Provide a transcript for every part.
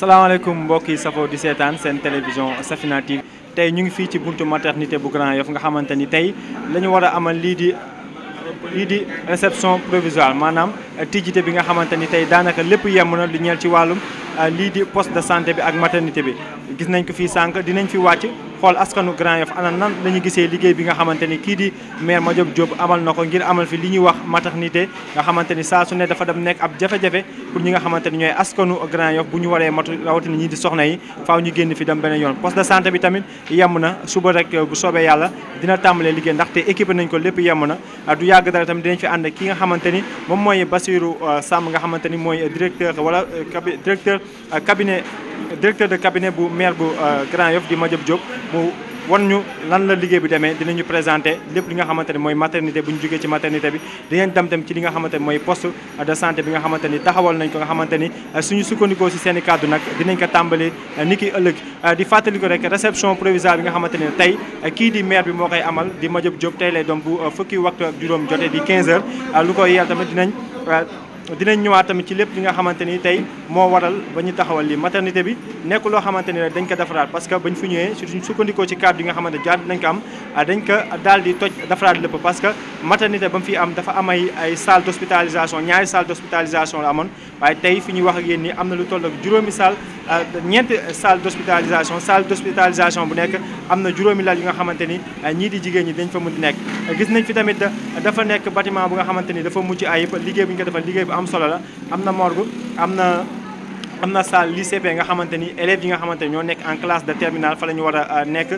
salaamaaleykum mbokk yi safoo di seetaan seen télévision Safina tey ñu ngi fii ci buntu maternité bu Grand Yoff nga xamante ni tey lañu ñu war a amal lii di lii di réception provisoire maanaam euh, tijjite bi nga xamante ni tey daanaka lépp yemm na lu ñeel ci wàllum euh, lii di post de santé bi ak maternité bi gis nañ ko fii sànq dinañ fi wàcc xool askanu Grand Yoff ana nan la ñu gisee liggéey bi nga xamante ni kii di maire Madiop Diop amal na ko ngir amal fi li ñuy wax maternité nga xamante ni saa su ne dafa dem nekk ab jafe-jafe pour ñi nga xamante ni ñooy askanu Grand Yoff bu ñu waree matu rawatina ñi di soxna yi faaw ñu génn fi dem beneen yoon poste de santé bi tamit yemm na suba rek bu soobee yàlla dina tàmbalee liggéey ndaxte équipe nañ ko lépp yemm na ah, du yàgg dara tamit dinañ fi ànd ki nga xamante ni moom mooy Basirou ah, Samb nga xamante ni mooy directeur wala euh, directeur ah, cabinet directeur de cabinet bu maire bu euh, Grand Yoff di Madiop Diop mu wan ñu lan la liggéey bi demee dinañu présenté lépp li nga xamante ne mooy maternité bu ñu jógee ci maternité bi dinañ dem tam ci li nga xamante ne mooy poste de santé bi nga xamante ni taxawal nañ ko nga xamante ni euh, suñu sukkandikoo si seen i kàddu nag dinañ ko tàmbali euh, ni ki ëllëg di fàttali ko rek réception provisoire bi nga xamante ne tey kii di maire bi moo koy amal di Madiop Diop tey lay doon bu fukki waxtu ak jotee di 15 heures lu koy yeel tamit dinañ dinañ ñëwaat tamit ci lépp li nga xamante ni tey moo waral ba ñu taxawal li maternité bi nekk loo xamante ni dañ ko defaraat parce que bañ fi ñëwee suñ sukkandikoo ci cadre yi nga xamante jaar nañ ko am ah, dañ ko daal di toj defaraat lépp parce que maternité ba mu fi am dafa am ay ay salle d'hospitalisation ñaari salle d'hospitalisation la amoon waaye tey fi ñuy wax ak yéen ni am na lu toll ak juróomi salle ah, ñeenti salle d'hospitalisation salle d'hospitalisation bu nekk am na juróomi lal yu nga xamante ni ah, ñii di jigéen ñi dañ fa mën nekk gis nañ fi tamit dafa nekk bâtiment bu nga xamante ni dafa mucc ayib liggéey bu ñu ko defal liggéey am solo la am na morgue na amna na lycée lycp nga xamanteni ni yi nga xamanteni ñoo nekk en classe de terminale fa lañu wara war a euh, nekk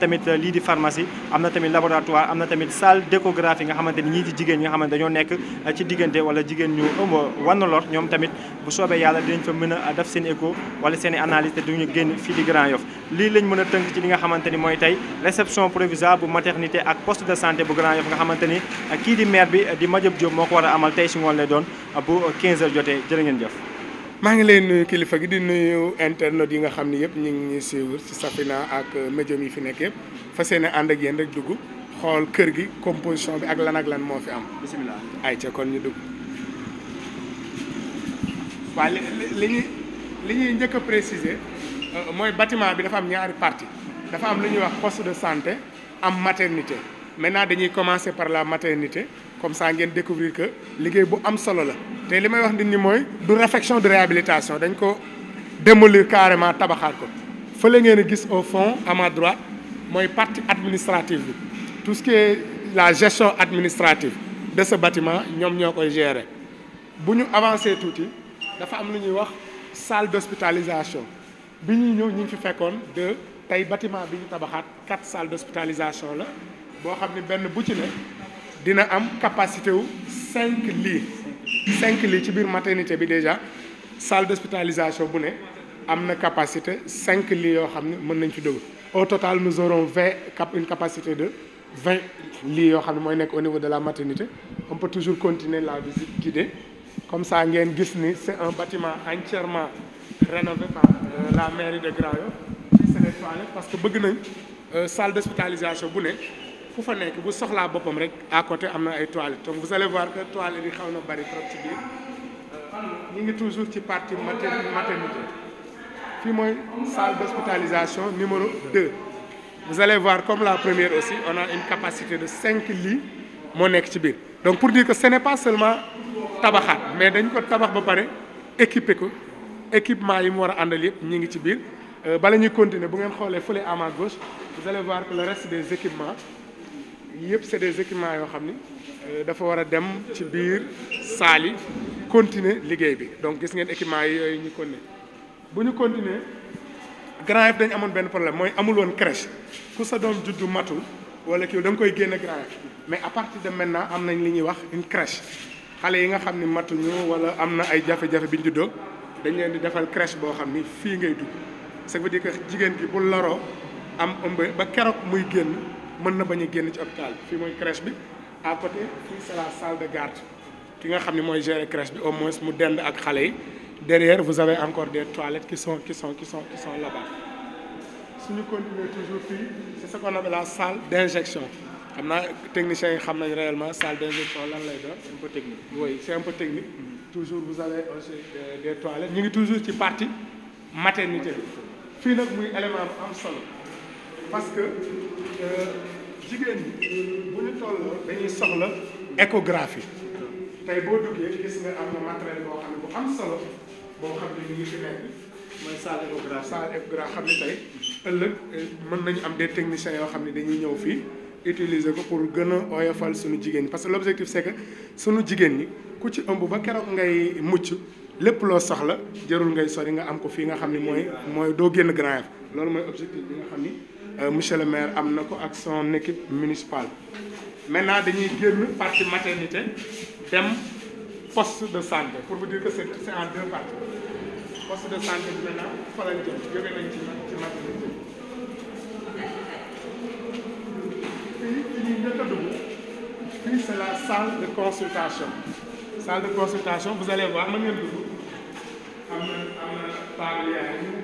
tamit euh, li di pharmacie amna tamit laboratoire amna tamit salle d'échographie nga xamanteni ñi ci jigéen nga xamanteni dañoo nekk euh, ci diggante wala jigéen ñu ëmb wann lor tamit bu soobé yalla dinañ fa mëna a def seen écho wala seen analyse te duñu génn fi di Grand Yoff li lañ mëna tënk ci li nga xamanteni moy tay réception provisoire bu maternité ak poste de santé bu Grand Yoff nga xamanteni ni kii di maire bi di Madiop Diop moko wara amal tay ci ngol lay doon bu 15 h jotee jërë ngeen jëf maa ngi leen nuyu kilifa gi di nuyu internet yi nga xam ni yëpp ñu ngi ñuy suivre ci Safina ak médium yi fi nekk yëpp fas yéene ànd ak yéen rek dugg xool kër gi composition bi ak lan lan moo fi am. bisimilah ay ca kon ñu dugg. waaw li li ñuy li ñuy njëkk a euh, mooy bâtiment bi dafa am ñaari partie dafa am lu ñuy wax post de santé am maternité maintenant dañuy commencé par la maternité. comme ça ngeen découvrir que liggéey bu am solo la té limay wax nit ñi du réfection de réhabilitation dañ ko démolir carrément tabaxaat ko fële ngeen gis au fond à ma droite moy partie administrative tout ce qui est la gestion administrative de ce bâtiment ñom ñokoy gérer buñu avancer touti dafa am luñuy wax salle d'hospitalisation biñu ñuy ñëw ñu fi de tay bâtiment biñu tabaxat quatre salles d'hospitalisation la bo xamni benn bu dina am capacité de 5 lits 5 lits ci bir maternité bi déjà salle d'hospitalisation bu né amna capacité 5 lits au total nous aurons une capacité de 20 lits au niveau de la maternité on peut toujours continuer la visite guidée comme ça ngeen gis c'est un bâtiment entièrement rénové par euh, la mairie de Grayon. c'est parce que bëgg nañ euh, salle d'hospitalisation bu fu fa nekk bu soxlaa boppam rek à côté am ay donc vous allez voir que toilettes yi xaw bari trop ci biir euh, ñu ngi toujours ci partie maternité salle d'hospitalisation numéro 2 vous allez voir comme la première aussi on a une capacité de 5 lits moo donc pour dire que ce n'est pas seulement tabac, mais dañ ko tabax ba pare équiper ko équipement yi mu en a àndal yëpp ñu ngi ci euh, continuer bu à ma gauche vous allez voir que le reste des équipements Yep, c'est des équipements yoo xam ni euh, dafa war dem ci biir saali continuer liguey bi donc gis ngeen équipement yi ñu ko ne bu ñu continuer Grand Yoff dañ amoon benn problème moy amul won crèche ku sa doom juddu matul wala ki da koy génne Grand Yoff mais à partir de maintenant am nañ li ñuy wax une crèche xalé yi nga xamni matu ñu wala amna ay jafé jafé biñu ñu juddoo dañ leen di défal crèche bo xamni fi ngay dugg ça veut dire que jigen gi bu laro am ëmb ba kérok muy génn man na bañ a génn ci hôpital bi fii mooy crèche bi à côté fii c'est la salle de garde ki nga xam ne mooy gérer crèche bi au moins mu dend ak xale yi derrière vous avez encore des toilettes qui sont qui sont qui sont qui sont là-bas Si nous continuer toujours fii c'est ce qu'on appelle la salle d'injection xam naa techniciens yi xam nañ réellement salle d'injection lan lay doon. c'est un peu technique. oui c'est un peu technique. Mm-hmm. toujours vous avez aussi des toilettes ñu ngi toujours ci partie maternité bi fii nag muy élément am solo parce que. jigéen ñi bu ñu tolloo dañuy soxla échographie tey boo duggee gis nga am na matériel boo xam ne bu am solo boo xam ne ñu ngi fi nekk mooy salle échographie salle échographie xam ne tey ëllëg eh, mën nañu am des techniciens yoo xam ne dañuy ñëw fii utiliser ko pour gën a oyofal suñu jigéen ñi parce que l'objectif c'est que suñu jigéen ñi ku ci ëmb ba keroog ngay mucc lépp loo soxla jërul ngay sori nga am ko fii nga xam ne mooy mooy doo génn grand loolu mooy objectif nga xam ni Euh, monsieur le maire amnako ko ak son équipe municipale maintenant dañuy génn partie maternité dem poste de santé pour vous dire que c'est c'est en deux parties poste de santé maintenant fa lañ jëm nañ ci ci maternité Puis, c'est la salle de consultation salle de consultation vous allez voir mën ngeen vous, am na am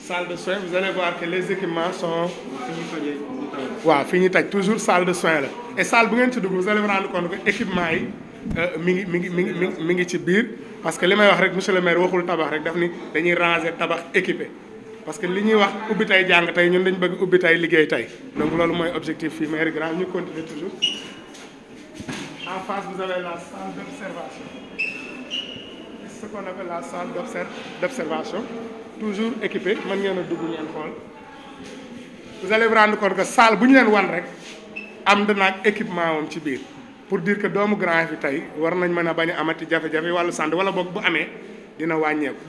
salle de soins vous allez voir que les équipements sont. waaw fii ñu toujours salle de soins Là. et salle bu ngeen ci dugg vous allez vous rendre compte que équipement yi euh, mi mingi mingi mingi mingi ci bir parce que li may wax rek monsieur le maire waxul tabax rek daf ni dañuy ranger tabax équipé parce que li ñuy wax ubbi tay jang tay ñun dañu bëgg ubbi tay liggéey tay donc lolu moy objectif fi maire grand ñu continuer toujours en face vous avez la salle d'observation ce qu'on appelle la salle d'observation toujours équipé manière vous allez vous rendre compte que salle rek équipement pour dire que doomu Grand tay war nañ donc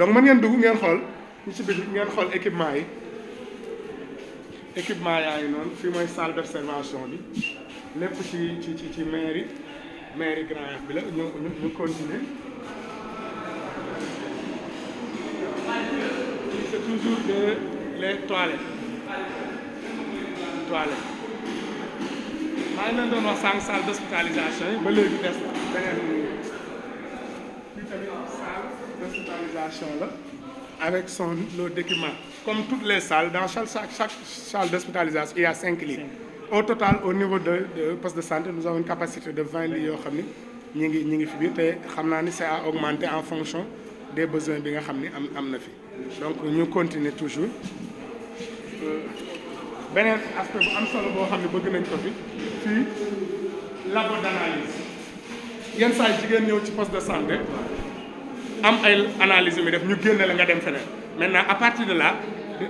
vous ngeen vous ngeen xol ñu ci biir ngeen équipement équipement salle d'observation bi lépp ci ci ci mairie Grand bi toujours de les toilettes toilettes Maintenant, donne 5 salles salles d'hospitalisation yi ba léegi des salle d'hospitalisation avec son lot d'équipement comme toutes les salles dans chaque chaque salle d'hospitalisation il y a 5 lits au total au niveau de poste de santé nous avons une capacité de 20 lits Nous xam ni c'est augmenter en fonction des besoins bi nga xam donc ñu continuer toujours Ben, aspect bu am solo de xam ne bëgg nañ ko fi fii labo d'analyse yenn salle jigéen ñëw ci poste de santé am ay analyse yu def ñu génne nga dem maintenant à partir de là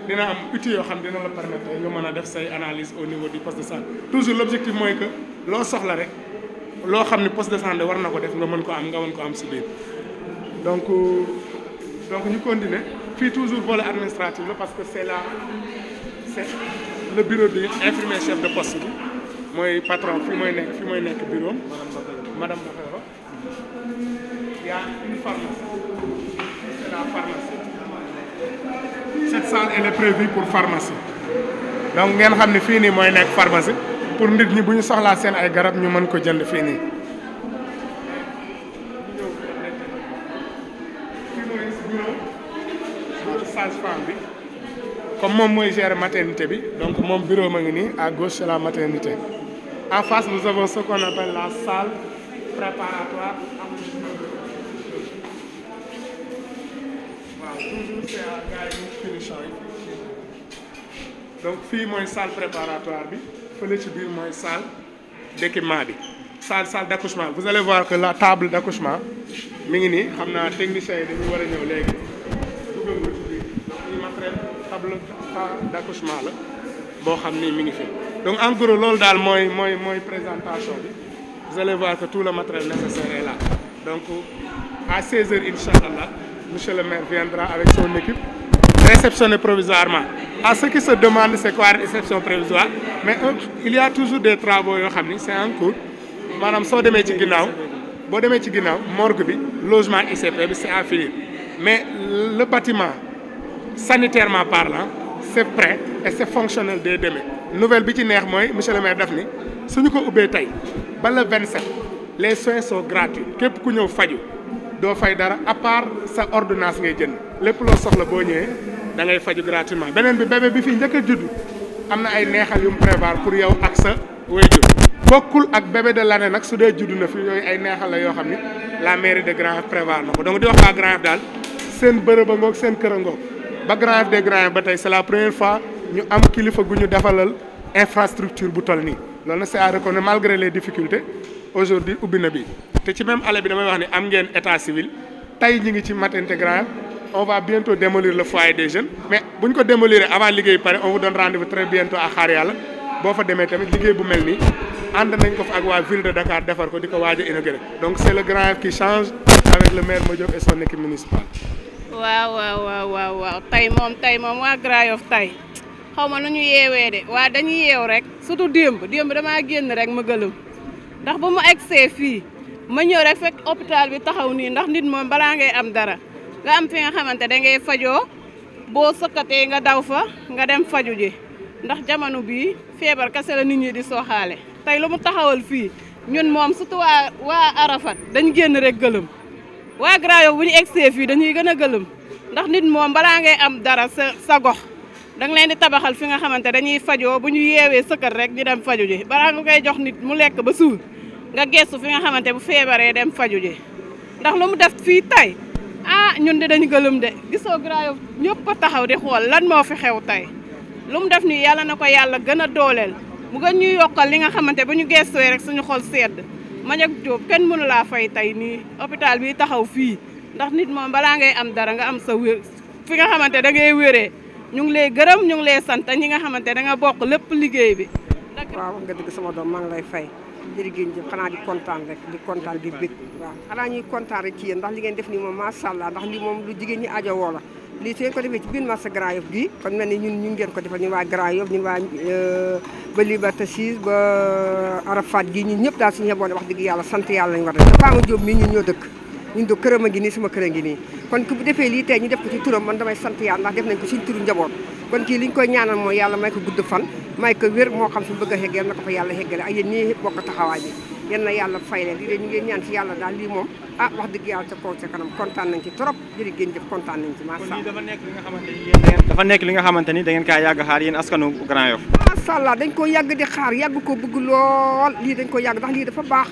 dina am outil yoo xam dina la permettre nga mën def say analyse au niveau du poste de santé toujours l'objectif est que loo soxla rek loo ne poste de santé war na ko def nga mën ko am nga mën ko am si biir donc euh, donc ñu continuer suis toujours vol administratif parce que c'est là, le bureau de infirmier chef de poste patron je suis le bureau madame Il y' a une pharmacie C'est la pharmacie cette salle elle est prévue pour pharmacie donc ngeen ne la pharmacie pour nous dire que nous ay garab ñu mën comme moy maternité donc mon bureau à gauche c'est la maternité en face nous avons ce qu'on appelle la salle préparatoire donc salle préparatoire bi ci salle d'équipement salle salle d'accouchement vous allez voir que la table d'accouchement mi ngi véritable d'accouchement la boo fi donc en gros loolu dal moy moy moy présentation bi vous allez voir que tout le matériel nécessaire est là donc à 16 h Inch'Allah, M. monsieur le maire viendra avec son équipe réceptionner provisoirement à ceux qui se demandent, c'est quoi réception provisoire mais euh, il y a toujours des travaux yo xamni c'est en cours madame soo demee ci ginnaw bo démé ci morgue bi logement ICP c'est à finir mais le bâtiment sanitairement parlant c'est prêt et c'est fonctionnel dès demain nouvelle bi ci neex moy monsieur le maire daf ni suñu ko ubbee tey ba le 27 les soins sont gratuits Kep ku ñëw faju do fay dara à part sa ordonnance ngay jënd Lepp lo soxla bo ñewé da ngay faju gratuitement Benen bi bébé bi fi njëkk a judd am ay neexal yu mu prévoir pour yow ak sa waajur Bokul ak bébé de l'année nak su dé judd na fi yooyu ay neexal la yo xam la mairie de Grand Yoff prévoir na ko donc di wax waa Grand dal daal seen bërëb ngok ngoog seen kër ba Grand Grand c'est la première fois ñu am avons gu ñu defalal infrastructure bu toll nii c'est à reconnaître malgré les difficultés aujourd'hui au na bi ci même allée bi damay wax ni am état civil Nous ñi ngi ci maternité on va bientôt démolir le foyer des jeunes mais si ñu ko démolir avant de pare on vous donne rendez-vous très bientôt à Harial. Si vous fa demee tamit liggéey bu mel nii nañ ko ak ville de Dakar defar ko donc c'est le Grand qui change avec le maire Madiop et son équipe municipale waaw waaw waaw waaw waaw tey moom tey moom waa Grand Yoff tey xaw ma nu ñu yeewee de waa dañu yeew rek surtout démb démb dama génn rek ma gëlëm ndax ba ma egsee fii ma ñëw rek fekk hôpital bi taxaw nii ndax nit moom balaa am dara nga am fi nga xamante da ngay fajoo boo sëkkatee nga daw fa nga dem faju ji ndax jamono bii feebar kese la nit ñi di sooxaale tey lu mu taxawal fii ñun moom surtout waa waa Arafat dañ génn rek gëlëm waa Grand Yoff bu ñu egsee fii dañuy gën a gëlëm ndax nit moom balaa ngay am dara sa sa gox danga leen di tabaxal fi nga xamante dañuy fajoo bu ñu yeewee sëkkër rek ñu dem faju ji balaa nga koy jox nit mu lekk ba suur nga gestu fi nga xamante bu feebaree dem faju ji ndax lu mu def fii tey ah ñun de dañu gëlëm de gisoo Grand Yoff ñëpp a taxaw di xool lan moo fi xew tey lu mu def nii yàlla na ko yàlla gën a dooleel mu gën ñu yokkal li nga xamante bu ñu gestuwee rek suñu xol sedd Maniack Diop kenn mënu laa fay tey nii hôpital bi taxaw fii ndax nit moom balaa ngay am dara nga am sa wér fi nga xamante da ngay wéree ñu ngi lay gërëm ñung lee lay sant ñi nga xamante da nga bokk lépp liggéey bi. waaw nga dëgg sama doom maa ngi lay fay jërëjëf jëf xanaa di kontaan rek di kontaan di bëgg waaw xanaa kontaan rek ci yéen ndax li ngeen def nii moom macha allah ndax lii moom lu jigéen ñi ajo woo la. lii su ngeen ko defee ci biir marché Grand Yoff gii kon mel ni ñun ñu ngeen ko defal ñun waa Grand Yoff ñun waa euh, ba Liberté 6 ba Arafat gii ñun ñëpp daal suñu yeboon wax dëgg yàlla sant yàlla lañ war a def Bamba Diop ñu ñun ñoo dëkk ñun do këram a ngi nii sama kër ngi nii kon ku bu defee lii tey ñu def ko ci turam man damay sant yàlla ndax def nañ ko suñu turu njaboot kon kii li ñu koy ñaanal mooy yàlla may ko gudd fan may ko wér moo xam su bëgg a xeggeel yàlla xeggale ak yéen taxawaay yal na yàlla fay len lii de ngeen ñaan ci yalla dal li mom ah wax deug yalla ci ko ci kanam contane nañ ci trop jëri ngeen jëf contane nañ ci macha allah dafa nek li nga xamanteni ni yéen dafa nekk li nga xamante da ngeen kaa yàgg xaar yeen askanu Grand yof ma sha allah dañ ko yag di xaar yag ko bëgg lool li dañ ko yag ndax li dafa bax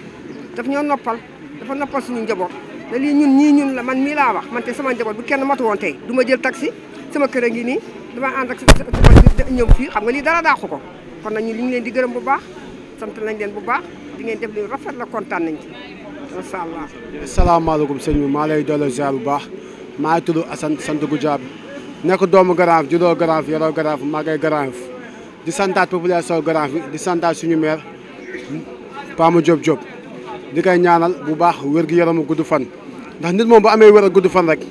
daf ñoo noppal dafa noppal suñu njabot da li ñun ñi ñun la man mi la wax man te sama njabot bu kenn matu won tay duma jël taxi sama kër ngi ni dama and ak ñom fi xam nga li dara da xuko kon nañ li ñu leen di gëreem bu baax sant nañ leen bu baax li ngeen def kontaan nañ ci salaamaaleykum sëñ bi maa lay delloo ziar bu baax maa ngi tudd Assane sant gu jaab nekk doomu Garaaf juddoo Garaaf yoroo Garaaf màggee Garaaf di santaat population Garaaf di santaat suñu maire Pama Diop Diop di koy ñaanal bu baax wér gi yaramu gudd fan ndax nit moom bu amee wér a gudd fan rek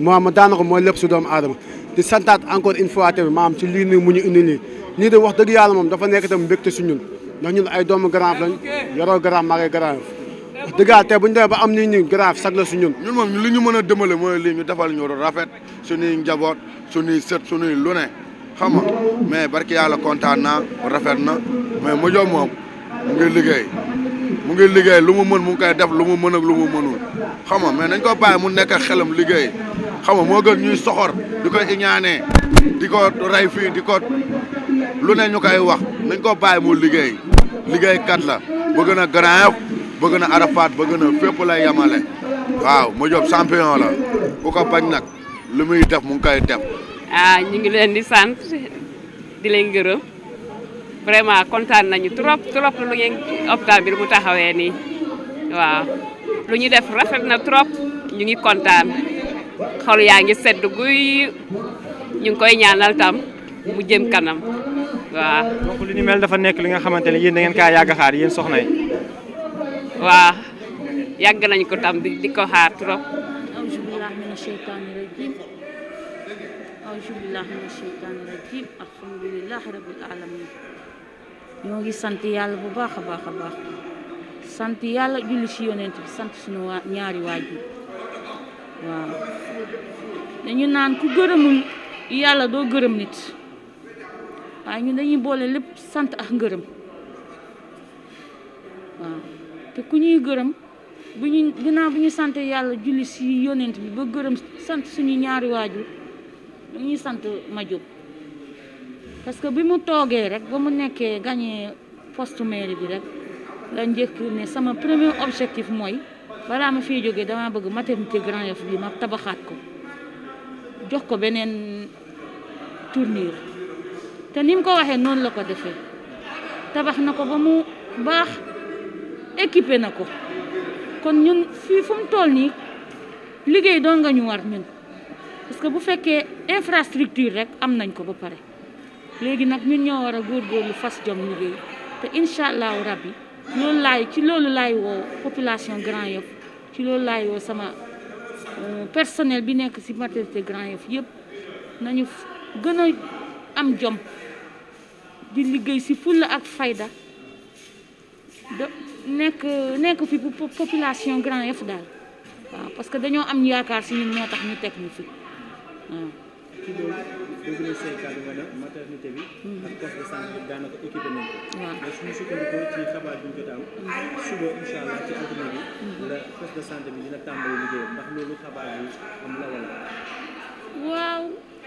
maam daanaka mooy lépp si doomu aadama di santaat encore une fois tamit maam ci lii nii mu ñu indi nii de wax dëgg yàlla moom dafa nekk tam mbégte si ñun ndax ñun ay doomu Garaaf lañ yoroo Grand maa ngi Grand te bu ñu demee ba am ni ñu Grand Yoff sag la su ñun moom li ñu mën a dëmale mooy lii ñu defal ñu rafet suñu njaboot suñuy sët suñu lu ne xam nga mais barki yàlla kontaan naa rafet na mais mu jox moom mu ngi liggéey mu ngi liggéey lu mu mën mu ngi def lu mu mën ak lu mu mënul xam nga mais nañ ko bàyyi mun nekk xelam liggéey xam moo gën ñuy soxor di ko iñaanee di ko rey fii di ko lu ne ñu koy wax nañ ko bàyyi mu liggéey kat la bëgg na Grand Yoff bëgg na Arafat bëgg na fepp lay yamalé waaw Mo job champion la bu ko bañ nak lu muy def mu ngi def. ah ñi ngi leen di sante di leen gëreum vraiment contane nañu trop trop lu ngeen octobre bi mu taxawé ni waaw lu ñu def rafet na trop ñu ngi contane xol yaangi sedd guy ñu ngi koy ñaanal tam mu jëm kanam. waaw donc li ni mel dafa nekk li nga xamante ne yéen da ngeen kaa yàgg xaar yéen soxna yi. waaw yàgg nañ ko tam di ko xaar trop. auzu billahi sant yàlla bu baax a baax a baax sant yàlla julli si yonent bi sant suñu waa ñaari waajur waaw dañu naan ku gërëmul yàlla doo gërëm nit waaye ñun dañuy boole lépp sant ak ngërëm waaw te ku ñuy gërëm bu ñu ginnaaw bu ñu sant yàlla julli si yonent bi ba gërëm sant suñu ñaari waajur dañuy sant ma jóg parce que bi mu toogee rek ba mu nekkee gagné poste mairie bi rek la njëkk ne sama premier objectif mooy balaa ma fiy jógee dama bëgg maternité Grand Yoff bi ma tabaxaat ko jox ko beneen tournure te ni mu ko waxee noonu la ko defee tabax na ko ba mu baax équipé na ko kon ñun fii fu tool nii liggéey doon nga ñu war ñun parce que bu fekkee infrastructure rek am nañ ko ba pare léegi nag ñun ñoo war a góor góorgóorlu fas jom liggéey te incha allahu rabbi loolu laay ci loolu laay woo population Grand Yoff ci loolu laay woo sama euh, personnel bi nekk ci maternité Grand Yoff yëpp nañu gën am jom di liggéey si fulla ak fayda da nekk nekk fi pour population Grand Yoff daal waaw parce que dañoo am yaakaar si ñun moo tax ñu teg ñu fi waaw. ci loolu dégg nañ bi. Hmm. ak poste de santé bi daanaka équipé nañ ko. waaw mais suñu sukkandikoo ci xabaar bi ñu jot a am. Hmm. allah ci altine hmm. la poste bi dina tàmbali liggéeyam ndax loolu xabaar bi waaw.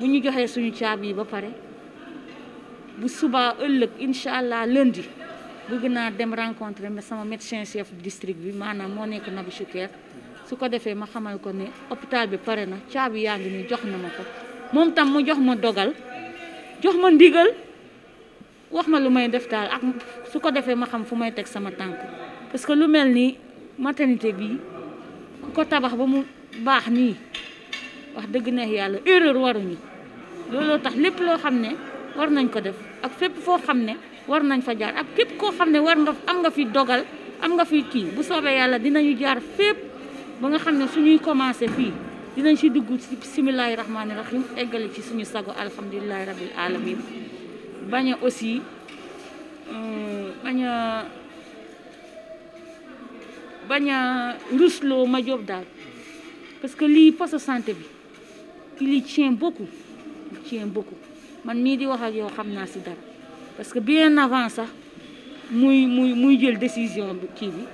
bu ñu joxee suñu caabi yi ba pare bu subaa ëllëg incha allah lundi bëgg naa dem rencontrer sama médecin chef district bi maanaam moo nekk Nabi Choucair su ko defee ma xamal ko ne hôpital bi pare na caabi yaa ngi nii jox na ma ko moom tam mu jox ma dogal jox ma ndigal wax ma lu may def daal ak su ko defee ma xam fu may teg sama tànk parce que lu mel nii maternité bi ku ko tabax ba mu baax nii. wax dëgg neex yàlla erreur waruñu looloo tax lépp loo xam ne war nañ ko def ak fépp foo xam ne war nañ fa jaar ak képp koo xam ne war nga am nga fi dogal am nga fi kii bu soobee yàlla dinañu jaar fépp ba nga xam ne suñuy commencé fii dinañ si dugg si bisimilahi rahmaani rahim eggale ci suñu sago alhamdulilahi rabil alamin bañ aussi euh, bañ a bañ a rusloo ma job daal parce que lii poste santé bi qu'il y tient beaucoup il tient beaucoup man mi di wax ak yow xamna ci si dara parce que bien avant ça muy muy muy jël décision bi ki bi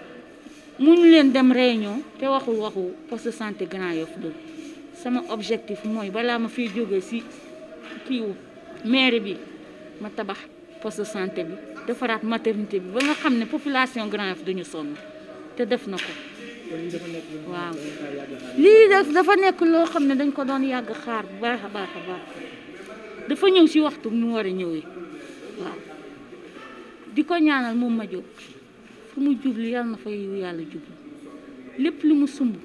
muñu leen dem réunion té waxul waxu poste de santé Grand yof do. sama objectif moy bala ma fiy jógee si kiiwu maire bi ma tabax poste de santé bi defaraat maternité bi ba nga xamné population Grand yof duñu sonn Té def na ko waaw lii dafa nekk loo xam ne dañ ko doon yàgg xaar bu baax a baax a baax dafa ñëw si waxtu mu war a ñëwee waaw di ko ñaanal moom ma jóg fu mu jublu yàlla na fa yàlla jubli lépp lu mu sumb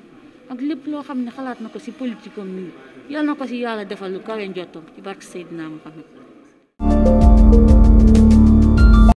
ak lépp loo xam ne xalaat na ko si politique am nii yàlla na ko ci yàlla defal lu kawe njottam ci barke Seydina Muhammad